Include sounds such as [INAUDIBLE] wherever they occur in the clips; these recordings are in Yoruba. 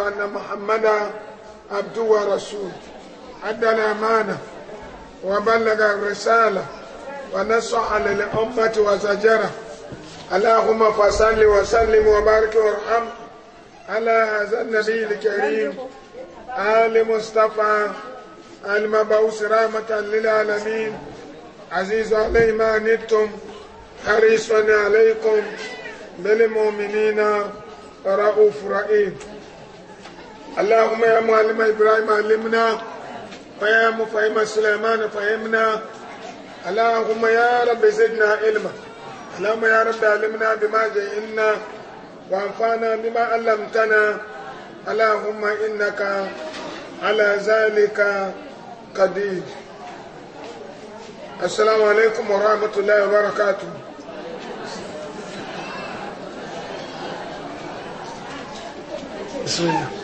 أن محمدا عبده ورسوله أدى الأمانة وبلغ الرسالة ونصح للأمة وزجره اللهم فصل وسلم وبارك وارحم على هذا النبي الكريم آل مصطفى المبعوث رحمة للعالمين عزيز علي ما نبتم حريص عليكم للمؤمنين رؤوف رئيم اللهم يا معلم إبراهيم علمنا ويا مفهم سليمان فهمنا اللهم يا رب زدنا علما اللهم يا رب علمنا بما جئنا وانفعنا بما علمتنا اللهم إنك على ذلك قدير السلام عليكم ورحمة الله وبركاته بسم الله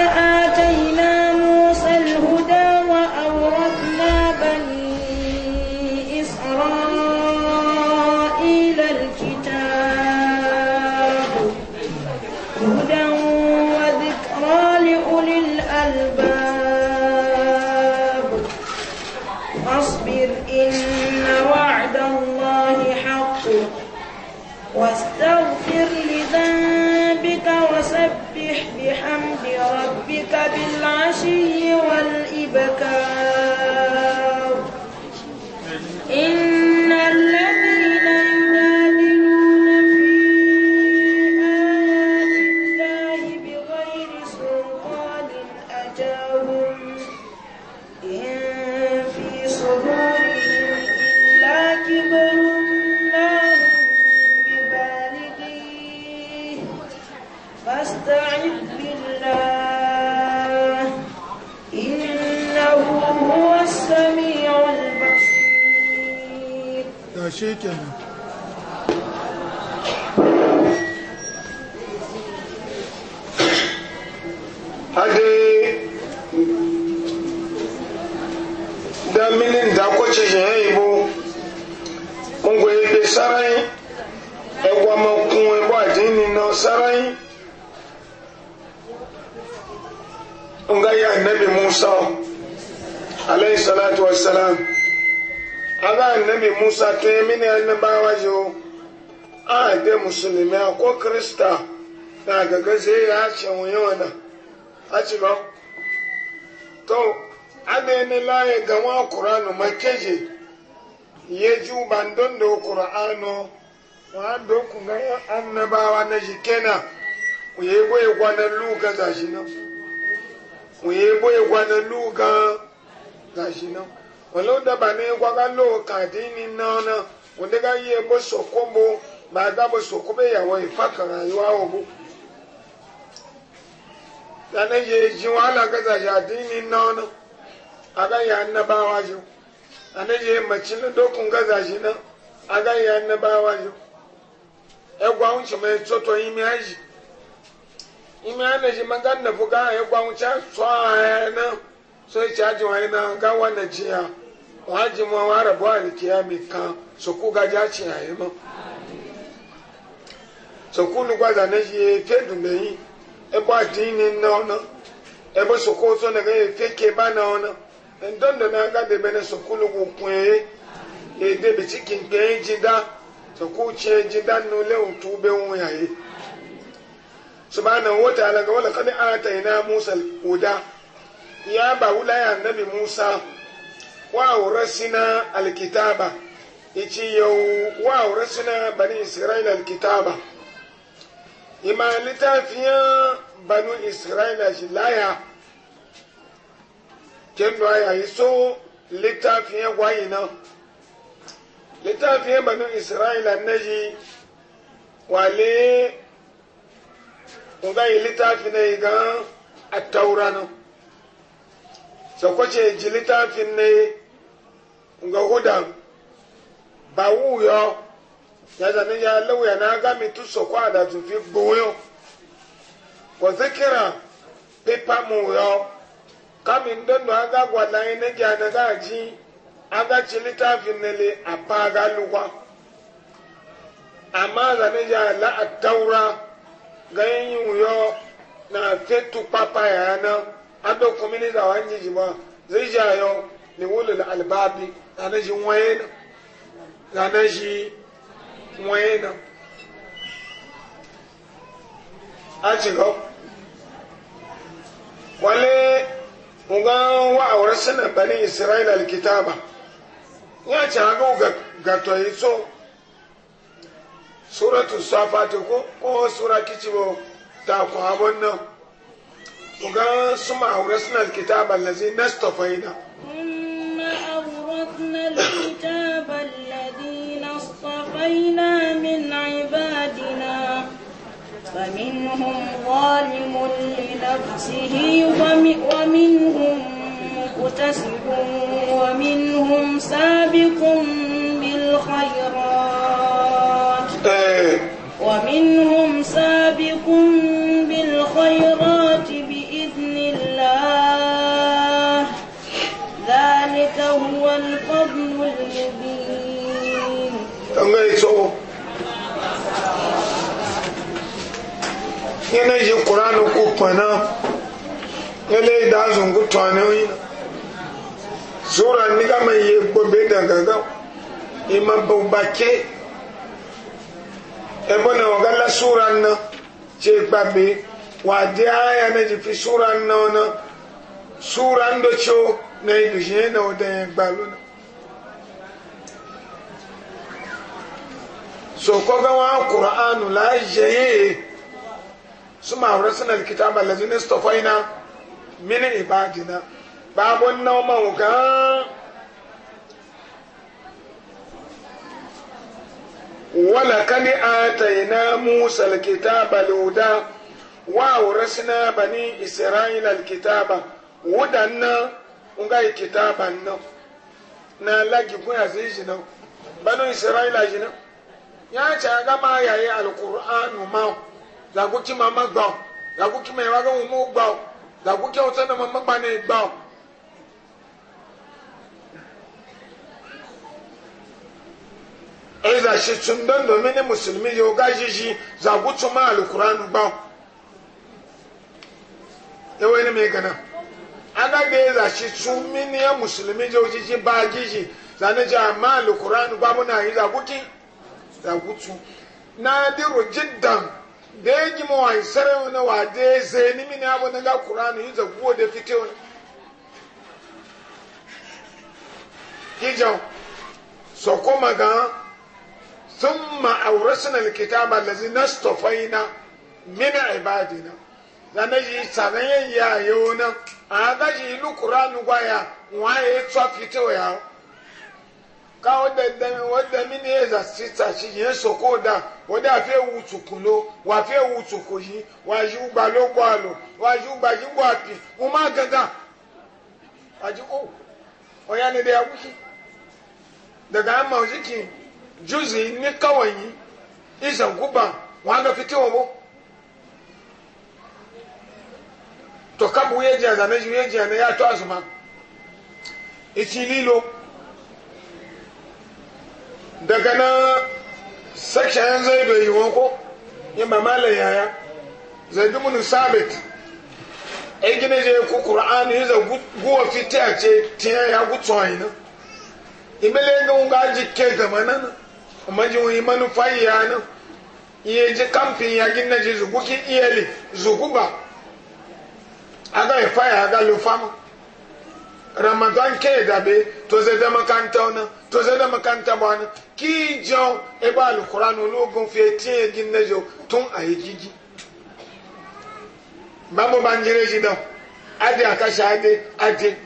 بالعشي والإبكار to ya mini annabawa jo a da musulmi ko kirista na gaga zai ya ce wuyi wana a ci ba to ada ni laye ga wa qur'anu makeje ye ju bandon do qur'anu wa do ku ga annabawa na shi kenan mu ye boye gwanan luga shi nan mu ye boye gwanan luga gashi nan wòle daba ne waga lo kadi ni nana wòle ga yie bo soko bo ba ga bo soko be yawo ifa kan yiwa wo bo dana ye ji wala ga za ya di ni nana aga ya annabawa jo dana ye macin dokun ga za shi na aga ya annabawa jo egwa un shi mai e tsoto imi aji imi anaji manga na fuga egwa un cha so e na so e cha ji wa na ga wa na ji ya wọ́n á jí mọ́ wọn àrẹ̀bọ́ àlìkíyà mi kan sọ̀kú gajá tì àyè mọ́ sọ̀kú nugbàdà náà yẹ fẹ́ẹ̀dùn lẹ́yìn ẹ̀bọ́ àdín ní ná ọ̀nà ẹ̀bọ́ sọ̀kú tó nà yẹ fẹ́ẹ̀kẹ́ bá ná ọ̀nà ndọ́ndọ̀ náà gàdé bẹ́ẹ̀ sọ̀kú lóko kún ẹ̀yẹ èdè bìtí kìnkìn ẹ̀yìn jí dá sọ̀kú tiẹ̀ jí dá nulẹ̀ òtú bẹ́ẹ̀ wọ́n yà yẹ musa وأورثنا الكتاب إتي يو وأورثنا بني إسرائيل الكتاب إما لتافيا بنو إسرائيل جلايا kendo aya iso littafiye gwayi nan littafiye banu isra'ila na yi wale ugayi littafi na yi gan a taura nan sakwace ji littafin ne nga hudan ba wuyo ya zane ya lauya na gami tu sokwa da tufi gboyo wa zikira pepa mu yo kami ndondo aga gwala ine gi anaga ji aga chilita vinele apaga lugwa amma zane ya la ataura ga yin wuyo na fetu papa ya na ado kumini da wanji jima zai jayo ni wulul albabi zane shi nwaye na zane shi a wale nga wa aure suna bani isra'ila alkitaba nga ci haka gato yi so suratu safati ko ko sura kicibo ta ko abon uga nga suma awar sana alkitaba lazi nastofaina hmm. أورثنا الْكِتَابَ الَّذِينَ اصْطَفَيْنَا مِنْ عِبَادِنَا فَمِنْهُمْ ظَالِمٌ لِنَفْسِهِ وَمِنْهُمْ مُقْتَسِبٌ وَمِنْهُمْ سَابِقٌ بِالْخَيْرَاتِ إيه. وَمِنْهُمْ da zungu twane yi sura ni ga mai ye gobe da gaga ima bubake ebo na ogala sura na ce gbabe wa di aya na ji fi sura na ona sura ndo cho na idushe na odan gbalo na so ko ga wa qur'anu la jeye suma rasana alkitaba allazina istafaina mini ibadi na babon na mawuka wala kani ata ina musa alkitaba luda wa urasna bani isra'il alkitaba wudan na ungai kitaban na na lagi ku azizi na banu isra'il ajina ya ta ga ma yayi alquranu ma zaku ki mama gba zaku ki mai wa ga mu gba zaku kyɛw sɛ nama mmakpa ne gbaw ɛza hye tundan domi ne musulmi yɛ o ga yiyi zaku tuma alukuran gbaw ewe ne mi gana ana ga ɛza hye tumi ne musulmi yɛ o yiyi ba yiyi zane jɛ ama alukuran gbaw na yi zaku ki zaku tu naadiru jiddan. da ya gima wa isarai wani wa da ya zai ni mini abu na ga kuranu yi zaguwa da fike wani hijau so kuma ga sun na alkitaba lazi na stofaina mini ibadina zane yi tsanan yayi yayo na a ga yi lu kuranu gwaya wa ya tsafi ta wa yawo ka wo dɛdɛmi wo dɛmi ni eza sita si yɛn soko da wo de afi ewu tuku lo wa afi ewu tuku yi wa yi ugba lo gbɔ alo wa yi ugba yi gbɔ api mo ma gɛgã adi o ɔya ni de awuki daga ama o ziki juzi ni kawa yi izan guba wa anga fiti wo bo to kabu ye jɛ zane ju ye jɛ ne ya to azuma iti lilo. daga na section zai bai yiwon ko yi mamala yaya zai dumuni sabit ai gina je ku qur'ani yi zai guwa fiti a ce tiyan ya gutsu a ina imele ga unga ji ke gama nan amma ji wani manufa ya nan iya ji kamfin ya gina ji ki iyali zuguba aga ifa ya lufa mu ramadan ke dabe to da makanta wani to zai da makanta e ba wani ki jan ebe alukuran ologun fi tiye gin na jo tun a yi e gigi ba mu ban jire shi dan ade a kashe ade ade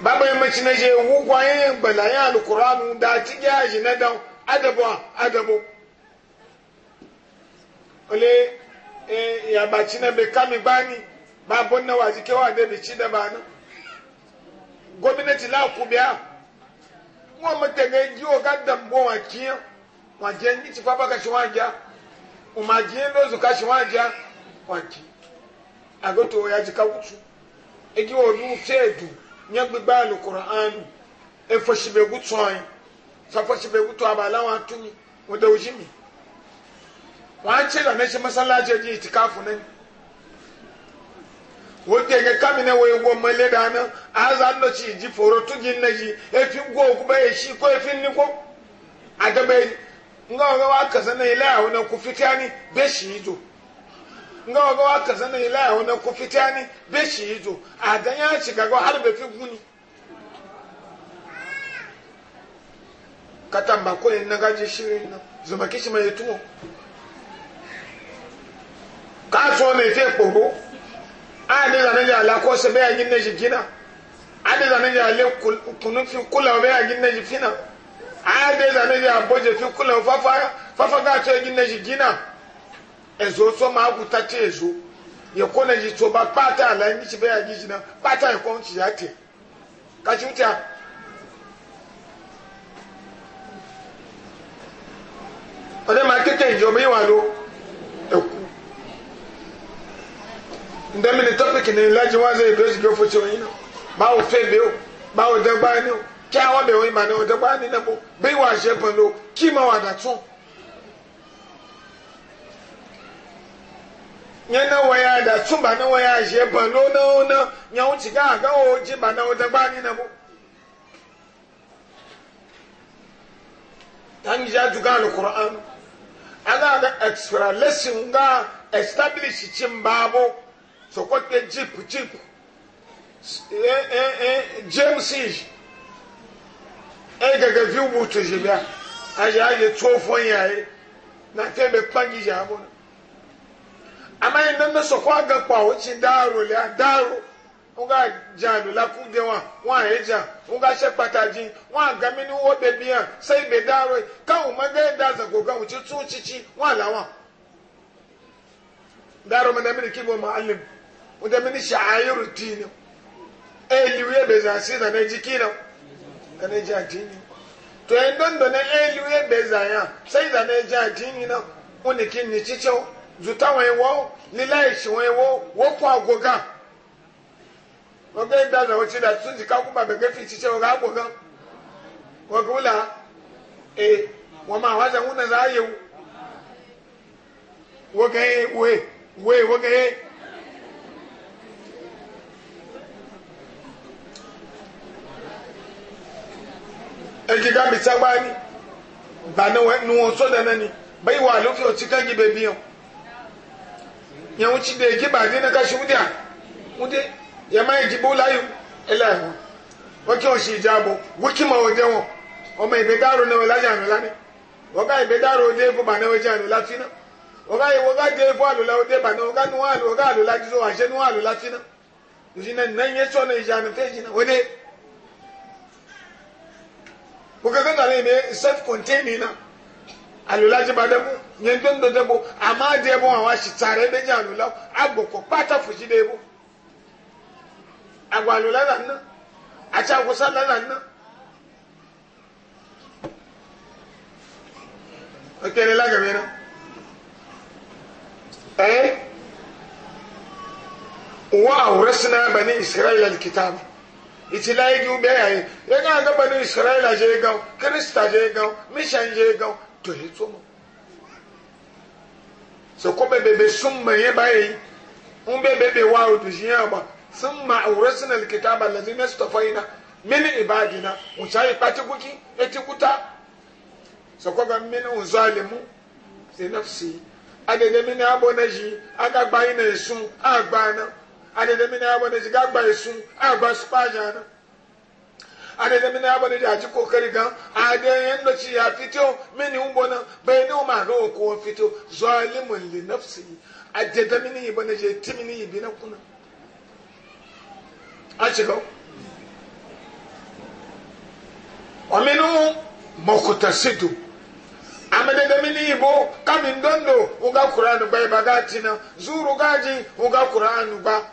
ba mai mace na je wugwayen balayen alukuran da ti gya shi na dan adabo adabo ole eh, ya baci na bai kami bani babon na waji kewa da bici da ba nan gwamnati la ku biya mo mo te ga ji o ga dan bo wa kiyo wa je ni ti papa ka shiwa ja o ma je lo zu ka shiwa ja wa ki ago ya ji ka wutu e ji o du se nya gbigba alquran e fo shibe gutu an fa fo shibe gutu abala wa tuni mo da ujimi wa ce da ne shi masallaci ji itikafu ne wote ga kamina waye gomma le dana azan no ci ji foro tujin na ji e fi go ku ba e shi ko e fin ni ko adabe nga ga wa kaza na ila ya wona ku fitani be shi jo nga ga wa kaza na ila ya wona ku fitani be shi jo adan ya ci ga go har be fi guni katamba ko en na gaji shirin na zuma kishi mai tuwo ka so ne te kporo adi zane ja ala ko se beya ginne ji gina adi zane ja ale kunu fi kula beya ginne ji fina adi zane ja boje fi kula fafa fa ga to ginne ji gina ezo so ma ku ta te ezo ye ko na ji to ba pata ala ngi ci beya giji na pata e ko nti ya te ka ci uta ode ma kete njo mi wa lo nda mini topic ni laji wa zai dozi ke fuci wani na ba wo fe be o ba wo de ni o ki awa be wani ma ni o de gba ni na bo be wa se lo ki ma wa dàtú. nye ne wa ya da tun ba ne wa ya se pan lo na o na nya o ti ga ga o ji ba na o de gba ni na bo tan ja ju ga alquran ana da extra lesson ga establish chin babo sokɔ jip jeep jeep ɛ ɛ ɛ james e tu zi ye ayi ayi tó fɔ yi e. na te bɛ na ama yi nana aga kpa o tsi daaro lia daaro wọn ka jan lola kude wọn wọn àyè jan wọn ka ṣe pàtàkì wọn ni wọn bẹ bíyàn sẹyìn bẹ dáárọ káwọn mọgẹ wanda mini sha'ayar tini eliwe bai zasi da na jiki na ka na ji ajini to yin don da na eliwe bai zaya sai da na ji ajini na wanda kin ni cicau zuta wani wo lila ishi wani wo wo kwa agoga wanda yin da wace da sun jika kuma bai gafi cicau ga agoga wagula eh wa ma wajen wuna za a yi wo ga ye e, we we wo ga ye e. eji ga mi tsagba ni ba na wa nu won so da ni bai wa lo ki o ti kan gi be biyan yan wuci da ki ba ni na ka shi wudiya wude ya mai ji bo layu ila e ho wa ki o shi jabo wuki ma o je won o mai be daro na wa la jan la ni wa ka be daro de ko ba na wa jan la tina wa ka wa ka de fo alu la o de ba na wa ka nu alu wa ka alu la ji so wa she nu alu la tina ni na nan ye na ija na te ji na wode kuka ga zane mai self containing na alula ji ba da mu yin don da dabo amma da yabo wa shi tare da ji alula agbo ko pata fushi da yabo agbo alula na nan a ci agusa da nan ok ne lagabe na eh wa aurasna bani isra'ila alkitab iti laigi ube ya ya ga ga bani israila je ga krista je ga mishan je ga to yi tsomo so be sun ma ye eh, bayi un um, be be be wa o ba sun ma awrasna alkitaba allazina istafaina min ibadina un sai pati kuki eti kuta so ko ga min un zalimu sai nafsi adede min abonaji ji aga gbayina esun agbana adedemi na yabo ne ji gagba esun agba spaja na adedemi na yabo ne ji aji kokari gan adeyen no ci ya fito mini umbo na bai ne ma ga ko fito zalimun li nafsi adedemi ni yabo ne ji timini yibi na kuna a ci gawo ominu mokutasidu amadedemi ni yibo kamin dondo uga kuranu ba ibaga tina zuru gaji uga kuranu ba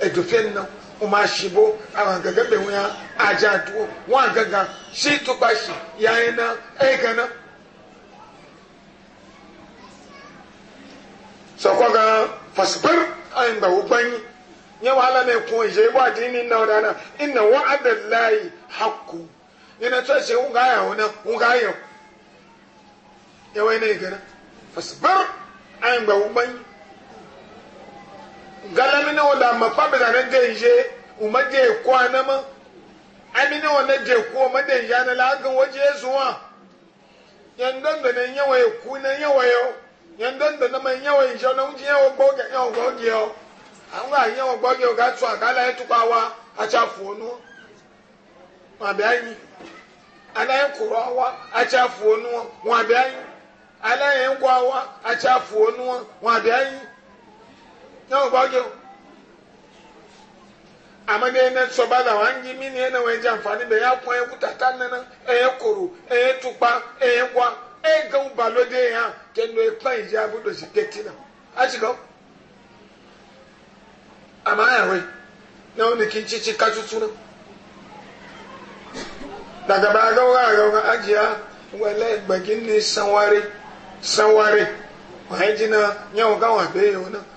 edufen nan uma shibo awa gaga be wuya aja duwo wa gaga shi tukpa shi yayin na ega na sọkọ gan fasibir ayin gbawo gbanyi nye wahala mai kun je wa dini na o dana ina wa adalayi haku ina tɔ se ŋun gaa yawo na ŋun gaa yawo yawo ina yi gana fasibir galamini wo da ma kpa bena ne de nze o ma de ko ana ma amini wo ne de ko o ma de nze ana la agan wo je zu wa yan don do ne nye wo eku ne nye wo yo yan don do ne ma nye wo nze na unji nye wo gbo ge nye wo gbo ge o àwọn àyè wọn gbọ́ ge o ga tu àgálà yẹn tukpa wa atsafu onu wọn abẹ anyi alaye kuro wa atsafu onu wọn abẹ anyi alaye nkwa wa atsafu onu wọn abẹ anyi. náà wá gị o àmàdé ẹni sọba làwọn anyi mí ni ẹni wọn jẹ àǹfààní bẹ tata nana ẹyẹ kuru ẹyẹ tukpa ẹyẹ kwa ẹyẹ gẹwù balóde yẹn hàn ya ẹkpa ìyá abúlé sí kẹtì náà àtìkọ àmà ayàwé sanwari sanwari ẹ jìnnà nyẹwò káwọn àgbẹyẹwò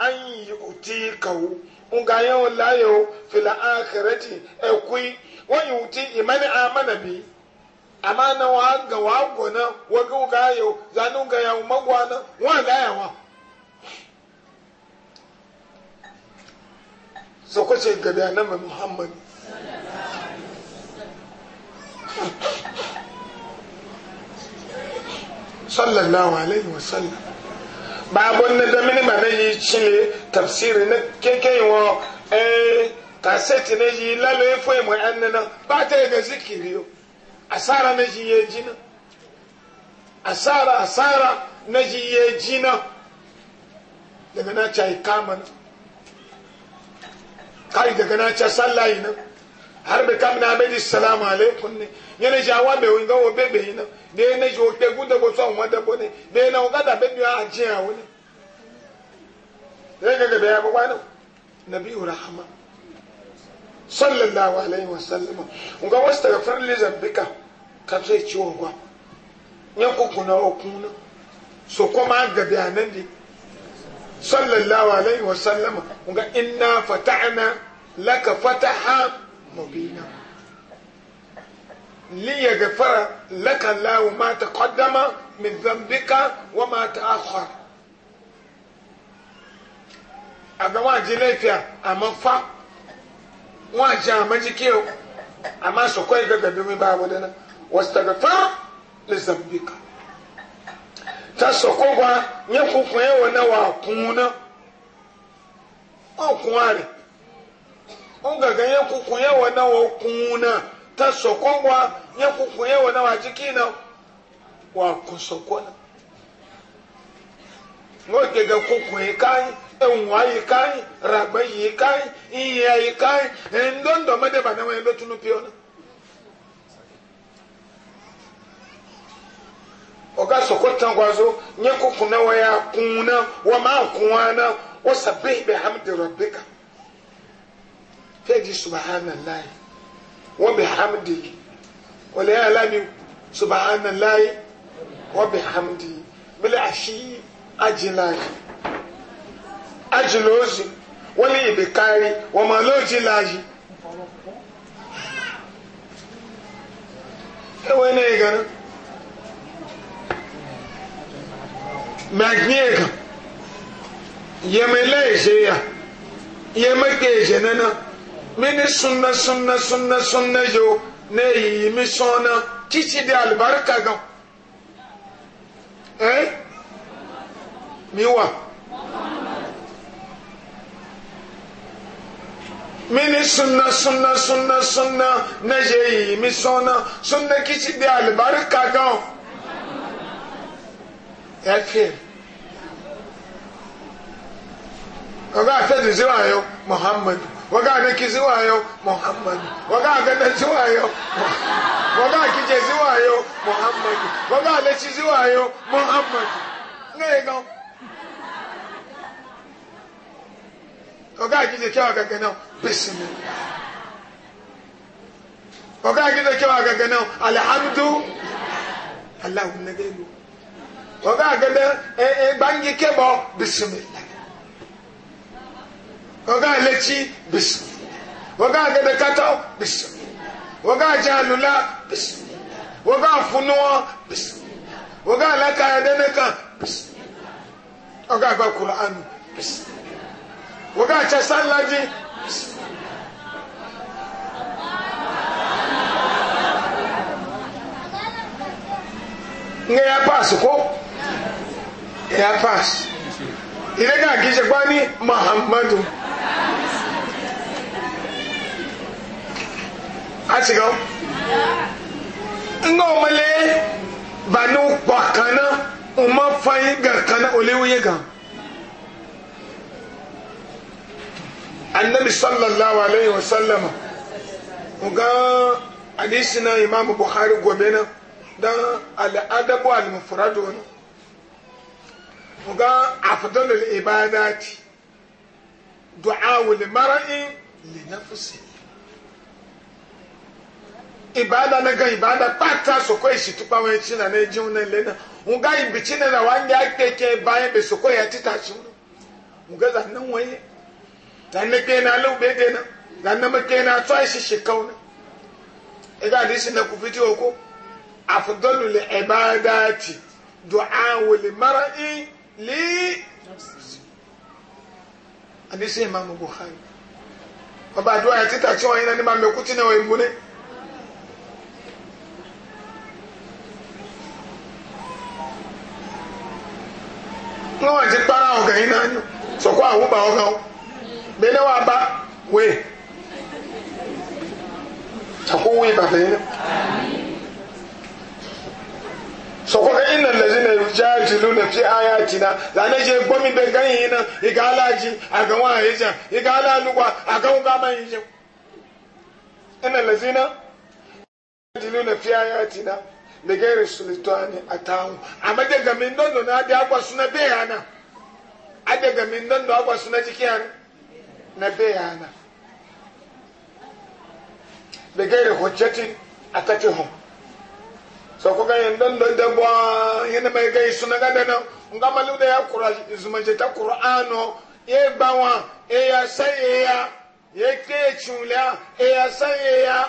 an yi e yuti kawu nga yawan layo fila akireti ekwi wa uti imani amana bi amana wa ga wa gona wa ga ga yo zanu ga ya magwana wa ga ya wa so ko ce ga da nan muhammad sallallahu alaihi wasallam babon na mini ma na yi cile tafsiri na keken wa eh kaseti na yi lalo ya foyi mai an nan ba ta yi ga zikiri yau asara na yi ya jina asara asara na yi ya jina daga na ca yi kama na kai daga na ca sallayi na har be kam na be di salamu alaikum ne nyene ja wa be winga wo be be ina de ne jo te gu de go so mo de bo ne de na o gada be nyu a je a wo ne de ga ga be ya ko wa no nabi rahma sallallahu alaihi wasallam nga wasta ga fran le zambika ka sai ciwo gwa ne ku kuna o kuna so kuma ga be anan sallallahu alaihi wasallam nga inna fata'na laka fataha مبينا ليغفر لك الله ما تقدم من ذنبك وما تأخر àgbà wọn àjẹ lẹ́fẹ̀ẹ́ àmọ́ fa wọn àjẹ àmọ́ jíkẹ́ o àmọ́ sọ̀kọ́ yìí gbẹgbẹ́ bímí bá wọn dáná wọ́n sọ̀tàgbẹ́ fún lè zàmbí kan ta sọ̀kọ́ wa nyẹ́ kókó yẹn wọ̀ náà wà á kún un náà wọ́n kún un àrè. nga ga yankuku yawa na wa kuna ta sokongwa kuku ya na wa jikina wa kusokona ngoke ga kuku ikai enwa ikai ragba ikai iye ikai endondo mede bana wa endo tunu piona oga sokotan gwazo kuku na wa ya kuna wa ma kuna wa sabbih bihamdi rabbika fẹ́ẹ̀dì subahánàláì wọ́n bẹ̀ hamdi wọ́n lẹ́yìn alábi subahánàláì wọ́n bẹ̀ hamdi bílẹ̀ àṣì ajíláì ajílóòsì wọ́n lè yìnbẹ̀ kárí wọ́n máa lóòjì láàyè. ẹwọ́n náà yìí gan-an mẹ́gbìn yìí gan yẹ́mẹ́lẹ́ mini sunna sunna sunna sunna yo ne yi mi sɔnna titi de alibarika gan eh mi wa mini sunna sunna sunna sunna ne ye yi mi sɔnna sunna kiti de alibarika gan ɛ eh, fiɛ ɔgá afɛ de zira yɛ muhammadu waga na kizi wayo muhammad waga ga na ci wayo waga ki je zi wayo muhammad waga na ci zi wayo muhammad ne ga waga ki je kyawa ga kana bismillah waga ki je kyawa ga kana alhamdu allah ne ga lu waga ga da e, e bangi kebo bismillah oga lechi bisi oga gede kato bisi oga janula bisi oga funuwa bisi oga alaka yadene kan oga gba kur'anu bisi oga cha sallaji bisi ya pass ko ya pass ile ga gije muhammadu a ti gan nga wọn lé bani kpɔ kanna wọn ma fain gan kanna o lé wọn yé gan anabi sallallahu alayhi wa sallam nga hadisi na imaamu buhari gome na dan al'adabu al-mufradu nga afdalul ibadati du'awu limar'i li nafsi ibada na ga ibada pata soko esi tupa wen chi na neji un le na un ga ibi chi na wa ndi keke baye be soko ya tita chi un ga zan nan waye dan ne ke na lu be de na dan na ke na to esi shi kauna e ga disi na ku fiti oko afdalu li ibadati du'awu limar'i li nafsi hadisi imam bukhari ọba àdúrà yẹn títà tí wọn yín náà ní máa mẹkú tí náà wọn gbóné. lọ́wọ́ ti para ọ̀gá yín náà sọ̀kọ́ àwùbá ọ̀gá ọ̀ bẹ́ẹ̀ náà wàá bá wẹ̀ ṣàkóso ìbàdàn yín náà. sokoka [LAUGHS] inna lazina na fi ayatina zane je gomi da ganyi na iga a aga wa hija iga alaluwa aga uga ma hija inna lazina na fi ayatina da gairi sultani atahu amma daga min dondo na da akwa suna bayana a daga min dondo akwa suna jikiyan na bayana da gairi hujjatin atatihum so ko ga don da bwa yana mai gai suna ga dana nga malu da ya kura zumanje ta qur'ano uh, e bawa e ya saye e ya ye ke chula e ya saye ya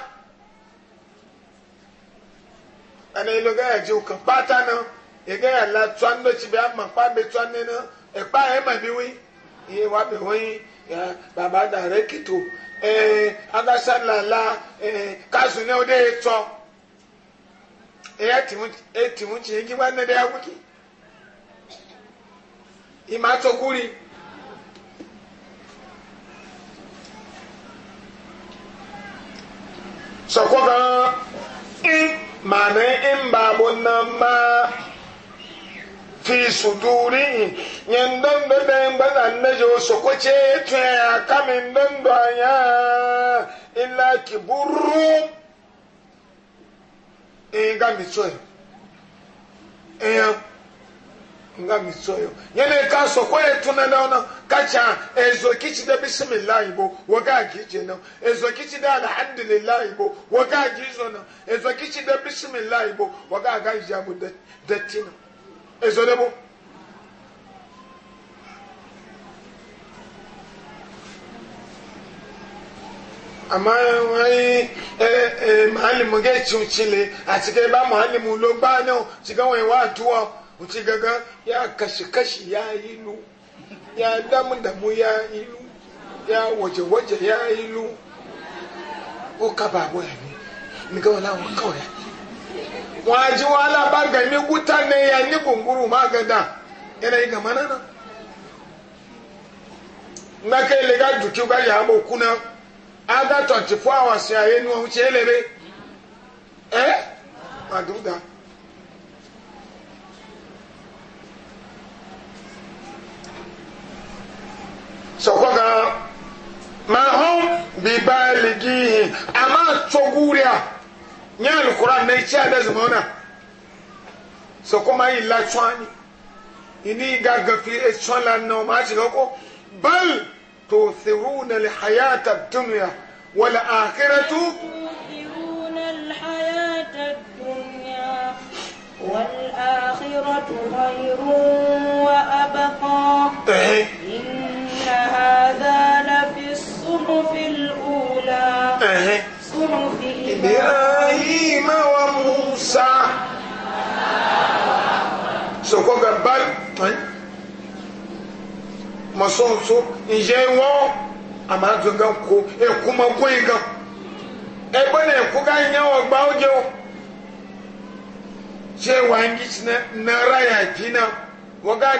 ana ilo ga ya juka pata na e ga ya la twando chi be amma pa be twanne na uh, e pa e ma bi wi e wa be wi ya baba da rekito eh agasala la eh kasu ne o to eti wuce yake wannan da ya kuke ima ta kuri sọkwa ga ma na in babu nan ma fi suduri yin don da dayin bazan na jo sọkwa ce tuya kamin don da ya illa ki buru nga mitsoyo eya nga mitsoyo nyene ka soko yetuna naona kacha ezo kichida bisimillahi bo wakagije na ezo kichida alhamdulillahi bo wakagizo na ezo kichida bisimillahi bo deti na. ezo debo àmọ́ wọ́n rí màálìmù gẹ̀ẹ́tì òtìlẹ̀ àti kẹ́ bá màálìmù ló gbá náà tí káwọn ìwà àtúwọ̀ òtí gangan yá kàṣíkàṣí yá ìlú yá dámúdàmú yá ìlú yá wọ̀jẹ̀wọ̀jẹ̀ yá ìlú ó kábà àbọ̀ yà ni nìkan wọn làwọn kọ̀ yà. wọ́n á jí wàhálà ní wúta ní ya ní gbòǹgbòrò má gàdá ẹ̀rẹ́ ìgàmánà náà. nàkẹ́ ilé ká dùkú ká yà á mọ̀ kú náà. Other twenty four hours ayé ni wọn ṣe é lére ẹ àdúgbà. sọkọ kan máa hàn bí báyìí gíhìn a máa tsogu rẹ nyẹ alukura ní iṣẹ ẹdẹ zùmọ náà sọkọ máa yìí la tsọ́ ni ìní ìgàgàfi etsọ́ la nà ọ máa ṣe lọ́kọ́ báyìí. تؤثرون الحياة الدنيا والآخرة تؤثرون الحياة الدنيا والآخرة خير وأبقى إيه. إن هذا لفي الصحف الأولى إيه. صحف إبراهيم وموسى سوكوغا بال طيب maso ìyẹ́ wọ́n àmàdùn gan kó ko mọ kó yìí gan ẹgbẹ́ náà èkú ká yẹn ọgbà o ṣé wàá ń yí sinẹ́ náírà yà jí náà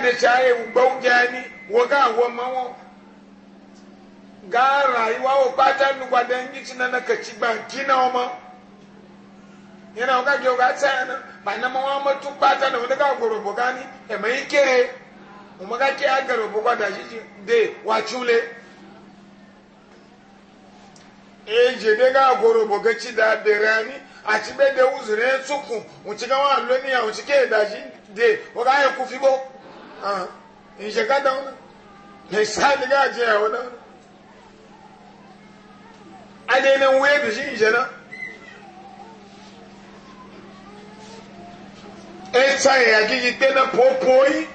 de ṣe ayé gbọ́ jẹ́ ẹni gaara iwa wo kpata nugba de ń yí sinẹ́ náà kẹ̀kí gbà na náà ọmọ yẹn náà wọ́n ká jẹ́ wọ́n ká na náà bàtà mọ́ wọn mọ́ tún kpata náà mo ga ke agaro bo da shi de wa chule e je de ga agoro bo chi da de rani ati be de uzure tukun o ti ga wa lo ni a o ti ke da shi de o ga e ku fi bo ah e je ga da ona ne sa ni ga je o da ade ne we bi ji je na e tsa ya gigi te na popo yi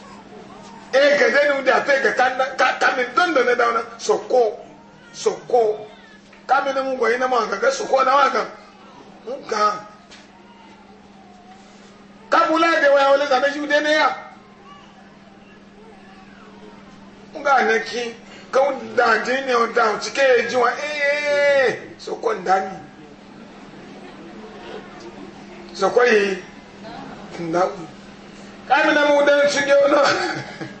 e ga zai ni da fe ga kamin don da na soko soko soko kamin mun goyi na mawa ga soko na wagan nka kabula da waya wale zane shi ne ya nga na ki ka da ji ne o da cike ji wa eh, eh, eh, eh. soko ndani soko yi ndau na mun dan shi ne [LAUGHS]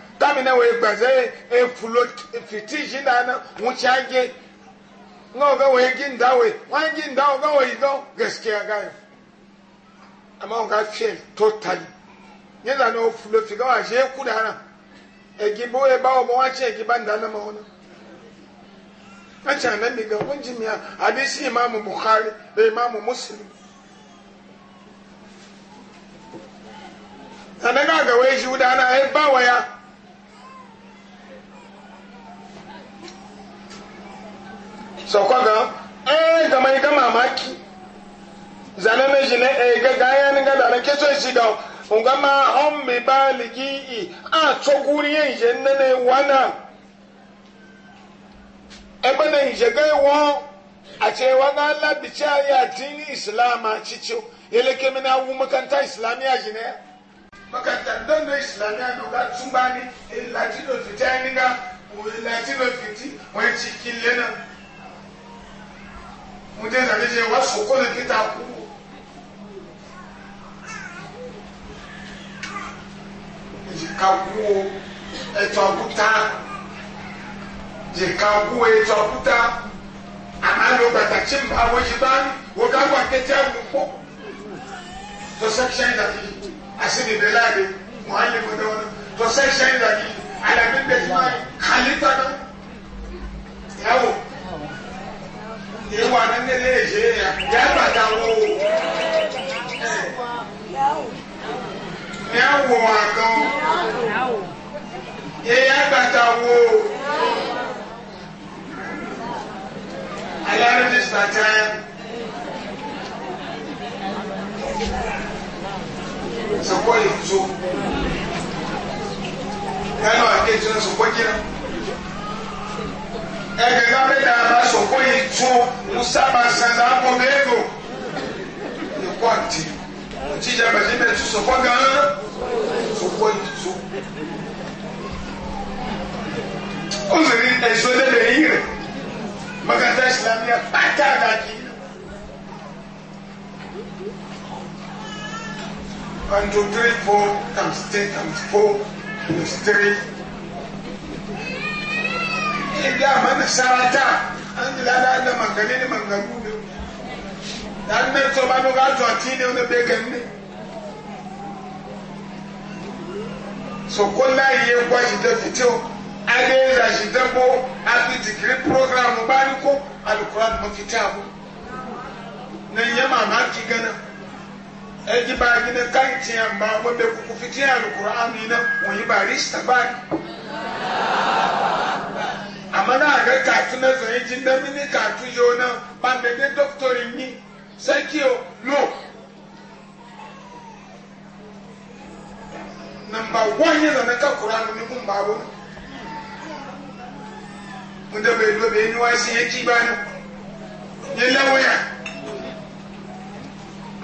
tamina wo gbaze efulo fiti jinda na muchage no ga wo ginda we wan ginda o ga wo ido gaskiya ga amma o ga fail totally ne da no fulo fi ga wa je ku da na e gibo e ba o mo wa che e na mo na an ci annabi ga imamu bukhari da e imamu muslim sannan ga ga wai shi wudana ana e ba waya sɔkɔ gan ɛɛ gama yi gama ma ki zana me zi ne ee gaga ya ni gada ne keso esi gan o gama hɔn mi ba ligi i a tsoguri ye nze nene wana ebe ne nze ge wɔn ati la ga labitsi ayi ati ni islam atsitsi yeleke mi na wu makanta islamiya zi ne ya makanta ndondo islamiya do ka tumba ni elati do fiti ayi ni ka elati do fiti wɔn etsi kile na mude na ne je wa soko na o ku je ka ku e to akuta je ka ku e to akuta ama lo bata chim ba wo ji ban wo ka wa ke ja ku ko to section da ki asibi belade muallimu da wona to section da ki ala bin be jmai khalita da yawo yìí wà ní ilé ìṣe yẹn bàtà wò ó yẹn wò àgàn yẹn bàtà wò ó alárí ní sàtẹ. sọ̀kọ́ yìí tó. Kánú àkéjọ́ sọ̀kọ́ jẹ́ ẹgbẹ̀gbà mẹ́ta àbáṣọ̀kọ́ yìí tún musa masanda abomego nìkọ́ àti jíjẹ bẹ̀rẹ̀ bẹ̀rẹ̀ tún sọ̀kọ́ gan-an sọ̀kọ́ yìí tún. ó sì rí ẹ̀sọ́ lẹ́lẹ̀ yìí rẹ̀ makata islamiyà pátá àdàkì. one two three four and ten and four times three ya gya mana sarata an ji lada da mangane ne manganu ne da an nan so ba no ga zuwa ci ne wani began ne so kola iye gwa shi da fito ade da shi da bo a fi digiri program ba ni ko alukuran mafita mu nan ya mamaki gana ɛdi baagi ne kankyɛn ama wɔn bɛ kuku fitia alukuran mi na wɔn yi sita baagi amma na ga katu na zai ji na mini katu yo na ba me de doctorin ni sai o lo number 1 yana na ka qur'an ni kun babu mun da bai lo bai ni wasi yake ba ni ni lawaya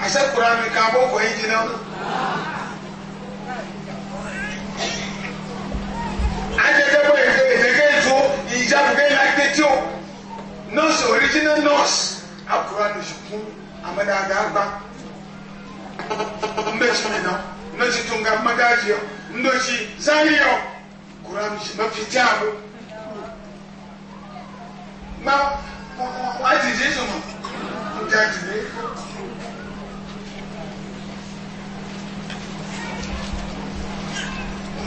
asa qur'an ka bo ko yi na aje da bai ijagunbe na gbeti o nurse original nurse akura ni sukun amada agagba mbe sumi na nurse tunga magaji o ndoji zari o kura ni si mafi jaabu ma wa jiji suma o jaaji ne.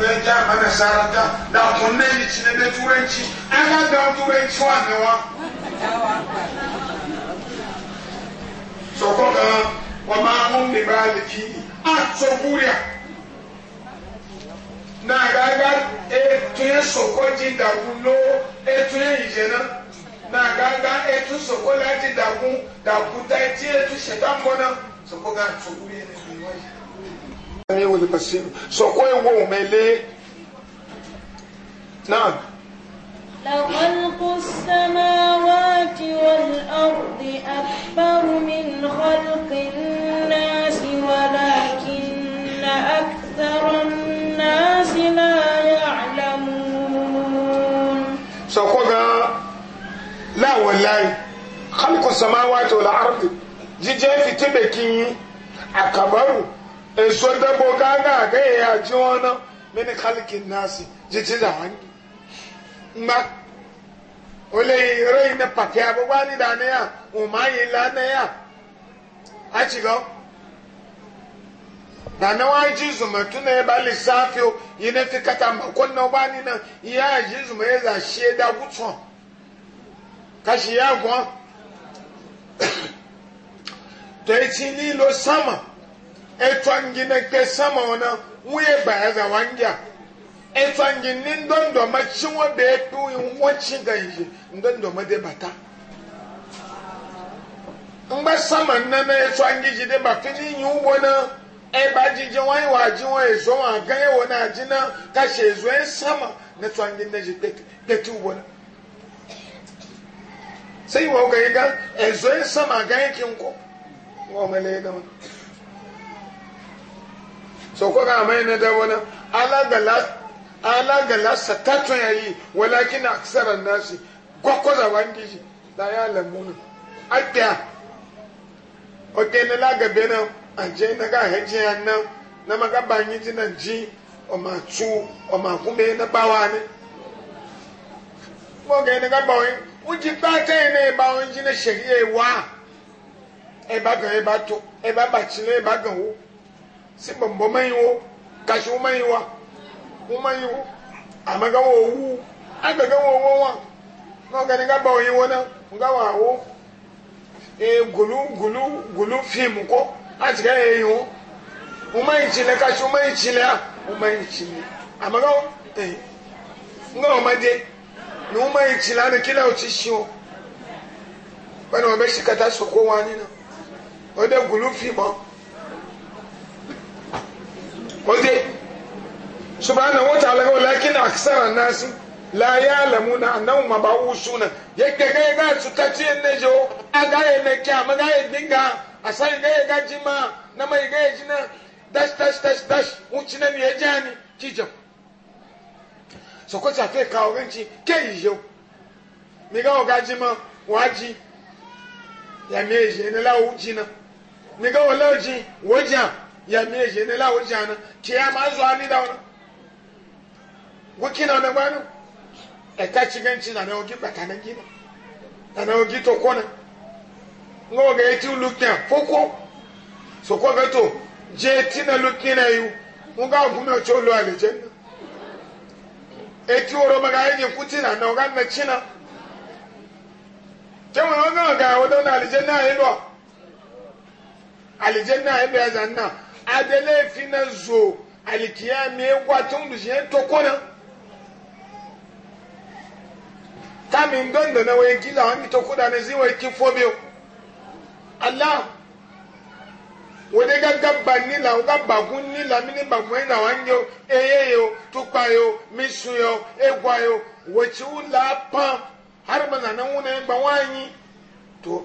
bɛɛ da ma da da kun yi ci ne ne turanci an ka dan turanci wa ne wa. sɔkɔ kan wa maa mun de b'a le k'i a tɔ na ga ga e tun ye sɔkɔ di dakun lo e tun ye yiyɛnɛ na ga ga e tun sɔkɔ la ji dakun dakun ta e ti e tun na sɔkɔ ka tɔ kuriya. ni wo ko si so ko e wo mele na لخلق السماوات والأرض أكبر من خلق الناس ولكن أكثر الناس لا يعلمون سوكوغا لا والله خلق السماوات والأرض جيجي في تبكي أكبر èso dẹ́gbò gángá àgẹ́yẹ àjí wọn ná mini kálíkì nọ́ọ̀sì jíjí làwọn mma olè eré yìí ní pàtí àbúgbà nídàáné à ọ̀má yìí lánà à àjìgọ́ dàná wọn àjí zùmọ̀ tún náà bá lè sáfì ó yìí ní fi kàtà mọ̀kọ́ náà wọ́n nínà ìyá àjí zùmọ̀ yẹn zà ṣe é dàgùtàn kàṣì yá gbọ́n tó etí ní ló sámà. etwangi na gbe sama ona wuye baya za wanja etwangi ni ndondo ma chiwo de tu wo chiga yi ndondo ma de bata ngba sama na na etwangi ji de ba fini yi wo na e ba ji je wan wa ji wo ezo wa ga e wo na ji na ka she ezo e sama na twangi na ji de de tu wo na sai wo ga ga ezo e sama ga e kin ko wo so ko ga mai na da wani alagala satatu ya yi walakin aksarar nasi gwakwaza wangi shi da ya lamu adda oke na lagabe na aje na ga hajji ya nan na magabanyi ji na ji ma tu ọma kume na bawa ne mo ga na ga bawa uji pata na e bawa ji na shari'a e wa e ba ga e ba to e ba ba ci na e ba ga wo si bambo mai wo kashi mai wa mai wo amaga wo wu agaga wo wo wa no ga ni ga ba oyin wo na nga wa wo e gulu gulu gulu film ko ati ga e yo o mai chile kashi mai chile o mai chile amaga eh nga o ma de ni o mai chile ani kila o ti shi o pẹ̀lú ọmọ ẹ̀ṣin kẹta sọ̀kọ́ wa nínú ọdẹ gùlù fìmọ́ ode subhanahu wa ta'ala ko lakin aksara nasi la ya'lamuna annahu mab'usuna yake ga ga tsutaci ne jo aga ne kya maga dinga asai ga ga jima na mai ga jina dash dash dash dash uncina ne jani kijo so ko ta fe ka ganci ke yo mi ga ga jima waji ya meje ne la ujina mi ga wala uji wajan ya mi eje ne lawo jana ti ya ma zo ani da ona wiki na ona banu e ka chi na na ogi bata na gina na na ogi to kona ngo ga eti ulukya foko so ko ga to je ti na lukina yu mo ga bu me cho lo ale jenna eti oro ma ga eje kuti na na ga na china kewa ona ga odo na ale jenna elo alijanna ebe na. adele fi na zo alikiyami egwa tun da shi to kona kamin ganda na waye gila wani to kuda na zai waye kifo biyu allah wòde gàgà bà nílà wògà bàgún nílà mí ní bàgún ẹ̀ náà wà ń yọ eye yọ tukpa yọ misu yọ egwa yọ wòtí wò là pàm hàrìmọ̀ nànà wò nà ẹ̀ gbà wọ́n anyi tó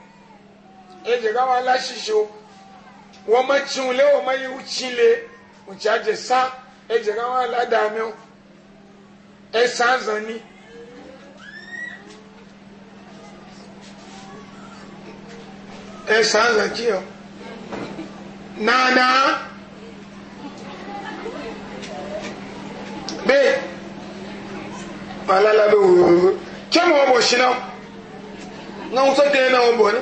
eje ga wa la shisho wo ma chule wo ma yu chile o chaje sa eje ga wa la da mi e sa zan ni e sa zan ki o nana be malala be wo kemo bo shina na wo so de na wo bo na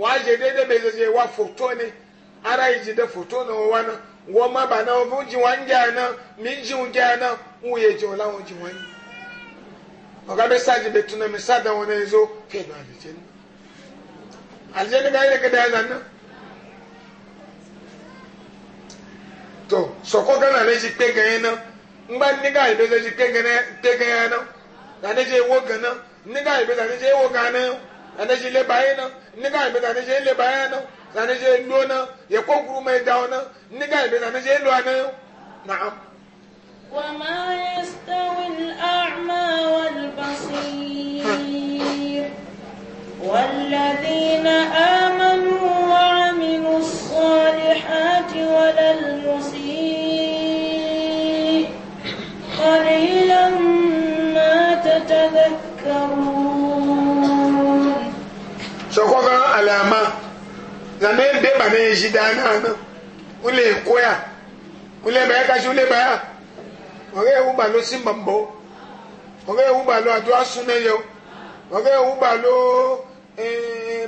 wa je dede be wa foto ne ara iji de foto na wa na wo ma ba na wo ji wa nja na mi ji nja na wo ye je ola wo ji wa ni o ga be sa je be tuna me sa da wona ezo ke ba de je aljanna ga ye ke da na to soko gana le ji pe gan na ngba ni ga ibe le ji pe gan pe gan na na de je wo gan na ni ga ibe na de wo gan na na de le ba na nniga ibe na nije lè baya na na nije lo na ye ko guru mai dawo na nniga ibe na nije lo na na'am وما يستوي الأعمى والبصير والذين آمنوا alama zana ebe ba na eji daa na ana wule ekwo ya wule ba ya kashi wule ba ya oge ewu ba lo si mbambo oge ewu ba lo adu asu na yo oge ewu ba lo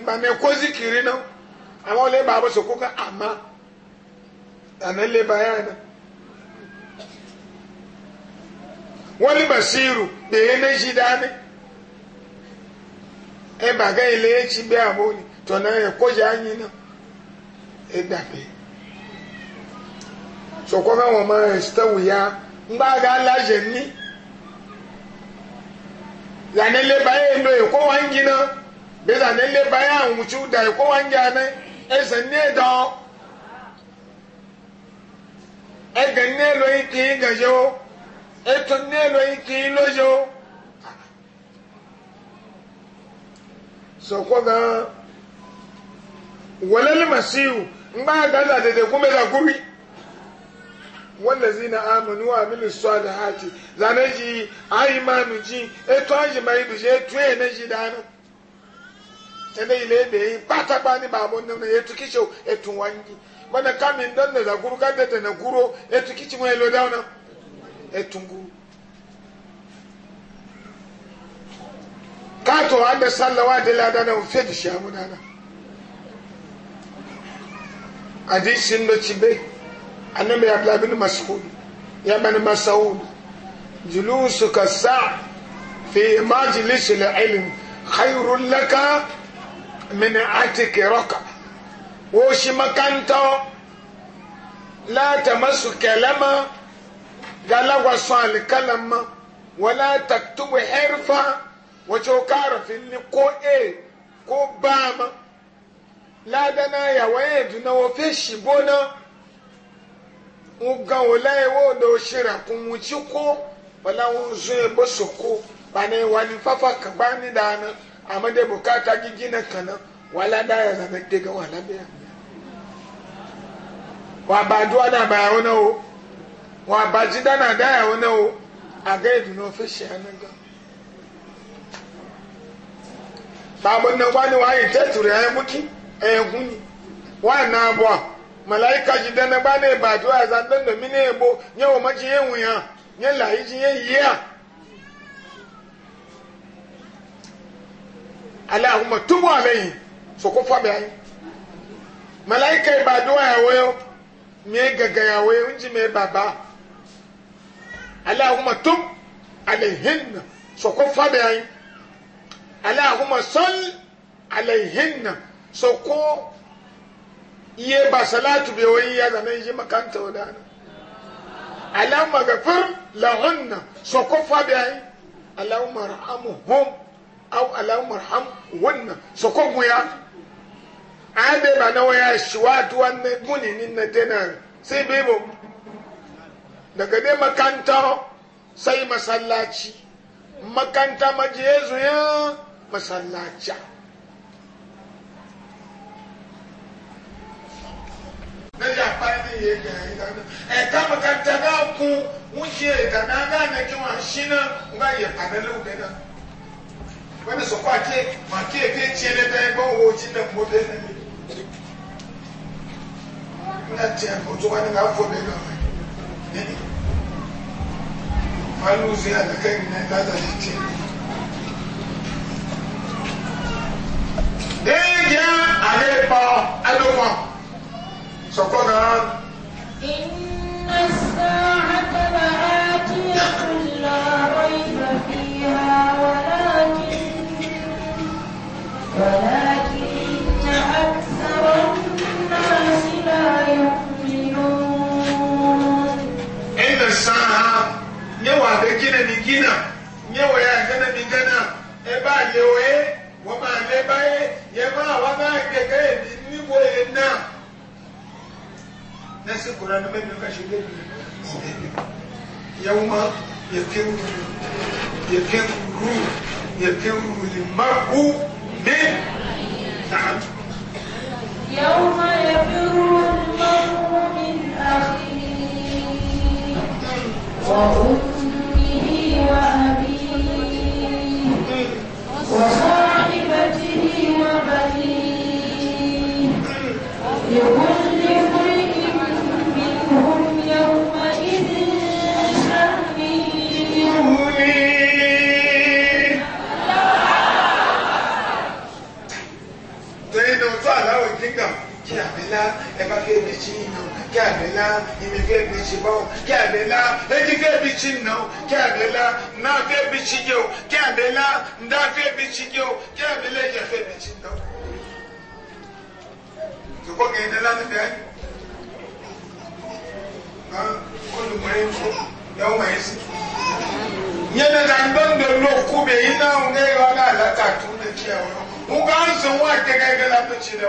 ba na ekwo zikiri na àwọn olè bá abọ́sọ̀ kó ká àmá àná lè bá yára náà wọ́n lè bà síìrù bèèrè méjì dání ẹ bàgá ilé ẹ̀chí bí àbóni to na ye ko ja yin na e gba pe so ko ga won ma stawu ya ngba ga la je ni la ne le ba e ndo e ko wa ngi na be da ne le ba ya un chu da e ko wa ngi ana e se ne do e ga ne lo yin ki ga jo e to ne lo yin ki lo jo so ga walal masihu ngba gaza dede kuma da guri wallazina amanu wa amilu salihati zane ji ayi manu ji eto ayi ma idu je eto ene ji dana ene ile ebe yi patapa ni babo nne etu kicho etu wangi mana kami ndonne da guru ka dede na guru etu kichi mo elo dauna etu guru kato anda sallawa de ladana ufedi shamudana hadisin da ci bai annabi abdullah bin mas'ud ya bani mas'ud julusuka sa fi majlis al-ilm khairul laka min atik raka wo shi makanta la tamassu kalama galagwa sal kalama wala taktubu hirfa wato karafin ni ko e ko ba ládàna yàwó yẹn dùnà wọ́n fẹ́ ṣì bóná wọ́n gan wọ́n láyé wọ́n lọ ṣe ràkùn wọn tí kó wọ́n láwọn zún yẹn bó sòkó bani wani fafa kaba ni dáná àmọ́dé bùkátà jíjí náà kànáà wọ́n ládàá yàrá náà dégẹ́ wọ́n lábẹ́ wọ́n àbàdúrà náà bàyàwó náà o wọ́n àbàjídá náà dáyàwó náà o àgá ìdùnnà fẹ́ ṣe àná gan. báwo ni wọ́n á ní wọ́n tẹ́tù rẹ̀ ẹ́ mú kí ẹ̀hún ni wọ́n àná abọ́ a màláìka yìí dáná bá ní ìbàdí wà zan dandan mi ní èbó nyẹ wọ́n mọ́tí yẹn wù yàn nyẹ làyí ti yẹn yìí à. alẹ́ àwọn ọmọ túbọ̀ alẹ́ yìí sọ̀kò fọ́bẹ̀ ayé màláìka ìbàdí wà yà wọ́yọ́ mìíràn gẹ̀gẹ̀ yà wọ́yọ́ ń jí mi bàbá alẹ́ àwọn ọmọ túbọ̀ alẹ́ so ko iye ba salatu bai wani ya zama yi makanta wadana alama fir lahunna so ko fabi ayi alama rahamu hum au alamar raham wannan so ko guya bai ba na waya shiwatu wannan guni ni na tana sai bu daga ne makanta sai masallaci makanta majiyezu ya masallaci ne ya kpa ne ye gɛrɛ yi kan na ɛ kama ka daga kun ŋun si ye daga an k'a nɛgɛ wa si na n ka yɛ panɛliw bɛ na wọ́n ní sọ̀kọ́ àti mà kí èké tiẹ̀ ní bẹ́ẹ̀ bọ́ wo ti nà mọ́ bẹ́ẹ̀ nà mí. n ka tiẹ̀ kó tó wá ní ká fọ́ bẹ́ẹ̀ náà nínú. wàá lùzí àlàkẹ́ yìí náà látàlí tiẹ̀. déyìí jẹ́ àlẹ́ sọ̀kọ́nà. iná sáà tẹ̀lé àti ìkùlọ̀ ọ̀rọ̀ ìfàfihà wàlákin wàlákin àkàrà náà sílá yọ̀kùnrin. iná sáà nyẹ́wọ̀ àbẹ́gínà ní gínà nyẹ́wọ̀ yà gánà ní gánà ẹ bá yẹ wọ́yẹ́ wọ́n máa lẹ́ báyẹ́ yẹ máa wá máa gẹ̀gẹ́ نفس القرآن ما نقاشي يقول يوم يكون يكون يكون المرء من نعم يوم يفر المرء من أخيه وأمه وأبيه shi da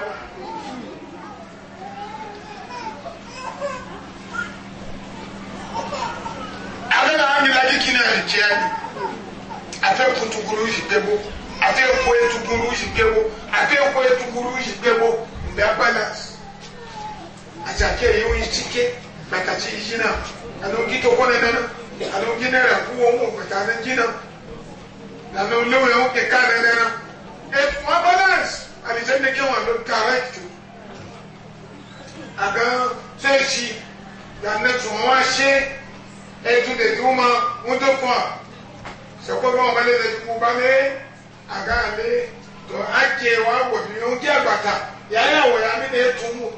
ale na anyi ladi kini ɛrikyia ni afe kutukuru yi gbebo afe ko etukuru yi gbebo afe ko etukuru yi gbebo mbe agbana adzake yi wo yi tsike gbakatsi yi dzi na alo gi to ko nene na alo gi ne ra ku wo mo gbata ne dzi na alo lewe wo keka nene na etu e, ma balance alijanna kí wọn lọ direct àgán ṣẹ́ẹ̀ṣì yàrá tí wọ́n wá ṣe ẹ̀dùn dèdùn mọ́ wọ́n tó fún ọ. sọ́kọ́ bá wọn balẹ̀ lẹ́yìn kú balẹ̀ àgá àlẹ́ tó àjẹ wàá wọ̀ bí wọ́n jẹ́ àgbàtà yàrá àwọ̀ yà mí lè tún mọ́.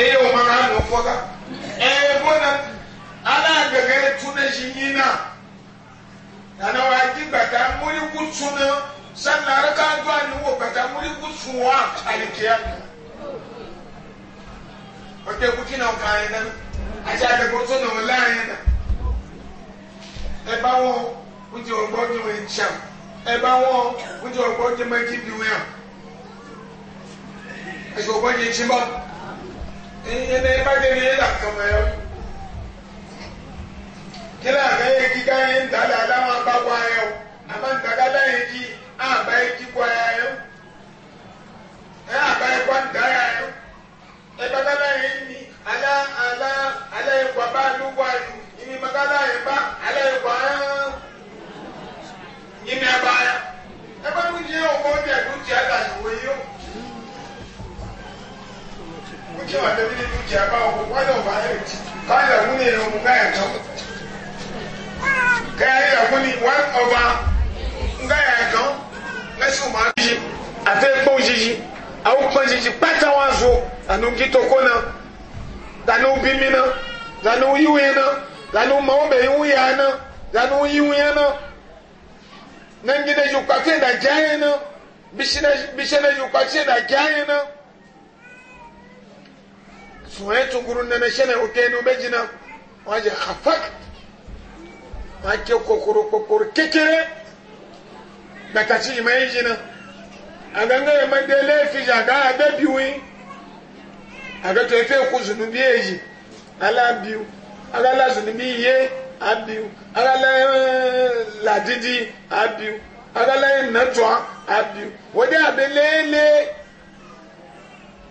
eye wọn máa ń lọ fọ́ká ẹ̀ bọ́nà alágbègbè tún lè ṣe yín náà nana wa di gbata muri wutu na sanni araka do ani wo gbata muri wutu wa alikiya o te kuti na o kan ye na ati a te ko to na o la ye na ẹ e bá wọn o ti o gbọ́ di o ye tiẹ ẹ bá wọn o ti o gbọ́ di e o e, ma di bi o yan ẹ ti o gbọ́ di o ti bọ ẹ ẹ bá deli e la kama yẹ kila ka ye ki ka ye nta la la ma ba wa ye a ma nta ka ji a ba ye ji kwa ya ye e a ba ye kwa nta ya ye o e ba ka la ye ni ala ala ala ye kwa ba lu kwa yu imi ma ye ba ala ye kwa ya imi a ya e ba mu je o ko du ti ala ye wo ye o mo wa de ni du ti a ba o wa de o ba ti ka ya mu ni o mu ka ya to kẹ́yà yẹ kún ní one over nga yà kàn lẹ́sìn ọmọ àdìyí àti ẹgbẹ́ òjijì àwọn ọmọ òjijì pátá wọn zọ ànú gító kó náà dànù bímí náà dànù yíwé náà na mọ̀ọ́bẹ̀ yíwéyà náà dànù yíwé náà na yi kwakye da na no na yi kwakye da gyaye no suwaye tunguru na na shene oke no bejina waje hafak ake kokoro kokoro kekere gbàtàtì yìí máa ń yin na àgbàgbà yìí máa ń délé fìjà àgbà abẹ́bíwí àgbàtà ìfẹ́ kù zùnú bí èyí alábíw agbàlá zùnú bí iye abíw agbàlá làdídì eh, abíw agbàlá nàtọ́ abíw wọ́n dé abẹ́lẹ́lẹ́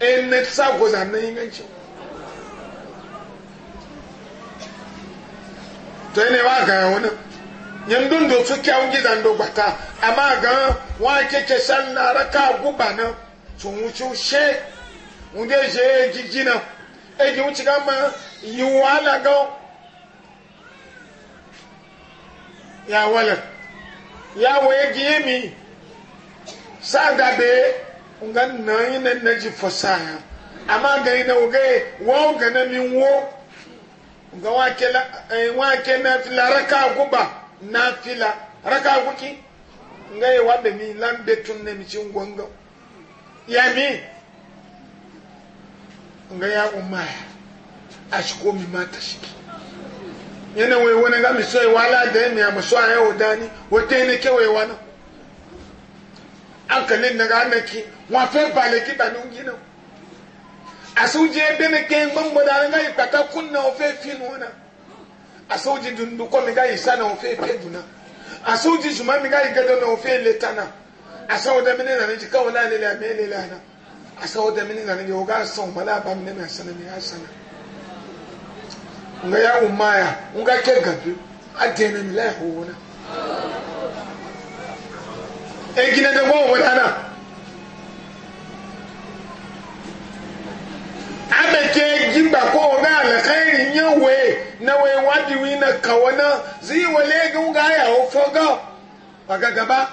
ẹnẹ́tí sàgọ́sà náà yín kàn jẹun. to ne wa ga wona nyen dun do su kya ungi dan do gbata ama ga wa keke san na raka guba na to mu chu she unde je jijina e ji unchi kama yi wala ga ya wala ya wo ye mi sa da be ngan na yin na ji fasaya ama ga ina wo ga wo ga mi wo nga eh, wake na fila raka guba na fila raka guki nga ye wada mi lambe tun na micin gwanga ya mi nga ya umaya a shi ko mi mata shi yana wai wani ga miso yi wala da ya miya maso a yau dani wata yi na kewaye wani an kalin na ga anaki wafe balaki ba nungi nan asuje bene ken gbangbo da nga yi kpaka kunna ofe finu na asuje dundu ko mi ga yi sana ofe peduna asuje juma mi ga gado na ofe letana asawo da mini na ni ka wala le la me le la na asawo da mini na ni yo ga son mala ba mini na sana mi ga sana ya umaya nga ke gadu adena ni la ho na egina de wo wala na abeke jimba ko ga alkhairi nyawe na we wadi wina kawana zi wale ga nga ya ofoga aga gaba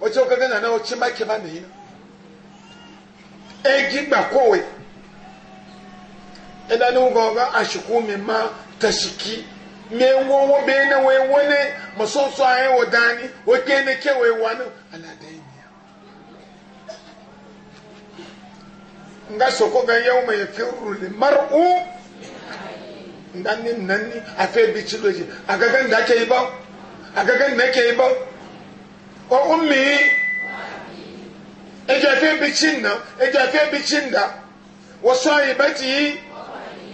ocho kaga na na ochi make ba ne e jimba ko we eda nu go ga ashiku me ma tashiki me wo wo be na we wone maso so ayi wodani wo kene ke we wanu ala dai nga soko ga yau mai firru mar'u ndannin nan ni a fai bici loji a gagan da ke yi ba a gagan da ke yi ba wa ummi e ga fai bicin nan e ga fai bicin da wa sahibati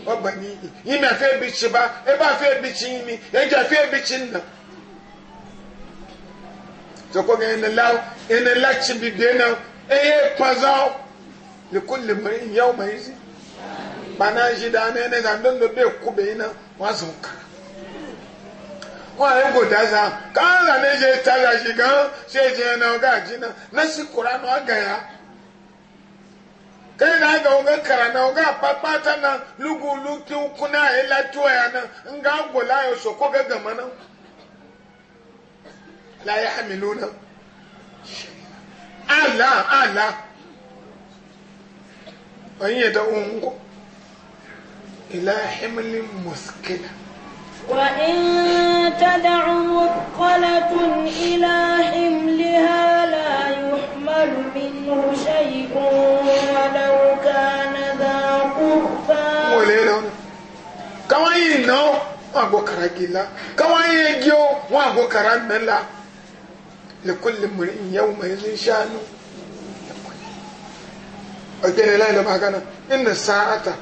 wa bani yi na fai bici ba e ba fai bicin mi e ga fai bicin nan soko ga ina la ina la ci bi de nan e ye pazao likulli mri'in yawma izin bana shi da ne ne zan don da bai kube ina wasu ka la ne tala si se se na ọga ji na na si na ọga ya kẹ́yìn náà ga ndị kara na na lugu kuna ya na nga na na ala ala. an yi da ungo ila himlin muskila وإن تدع مثقلة إلى حملها لا يحمل منه شيء ولو كان ذا قربى káwọn yìí nà ó wọn àgbọkàrà gi la káwọn yìí gi ó wọn àgbọkàrà nà la lẹkọọ lẹmọrin ìyẹwò mọ ṣáánú. ogene laila magana inda sa'ata ah.